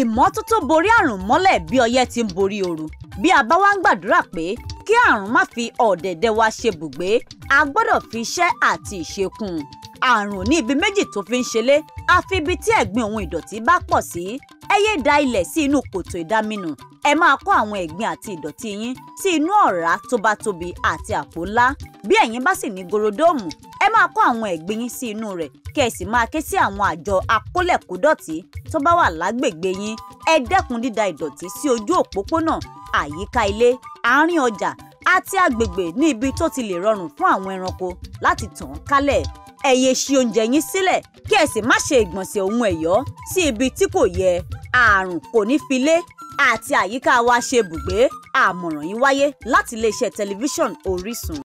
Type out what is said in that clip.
ìmọ́tótó borí àrùn mọ́lẹ̀ bí ọyẹ́ ti ń borí ooru bí a bá wá ń gbàdúrà pé kí àrùn má fi ọ̀dẹ̀dẹ̀ wa ṣe bùgbé a gbọ́dọ̀ fi iṣẹ́ àti ìṣe kún un àrùn ní ibi méjì tó fi ń ṣelé àfi ibi tí ẹ̀gbin ohun ìdọ̀tí bá pọ̀ sí ẹ yéé da ilẹ̀ sí inú kòtò ìdáminù ẹ máa kó àwọn ẹ̀gbin àti ìdọ̀tí yín sí inú ọ̀rá tó bá tóbi àti àpò ńlá bí ẹ̀yin bá sì ní gorodóòmù ẹ máa kó àwọn ẹ̀gbin yín sí inú rẹ̀ kí ẹ sì máa ké sí àwọn àjọ akólẹ̀kúdọ̀tí tó bá wà lágbègbè yín ẹ dẹ́kun dída ìdọ̀tí sí ojú òpópónà àyíká ilé àárín ọjà àti agbègbè ní ibi tó ti lè rọrùn fún àwọn ẹranko láti tàn kálẹ̀ ẹ yé ṣí oúnjẹ yín sílẹ̀ kí ẹ sì má ṣe ìgbọ̀nsẹ̀ ohun ẹ̀yọ́ sí ibi tí kò yẹ ààrùn kò ní fi lé àti àyíká wa ṣe bùgbé àmọ̀ràn yìí wáyé láti iléeṣẹ́ tẹlifíṣọ̀n Orísun.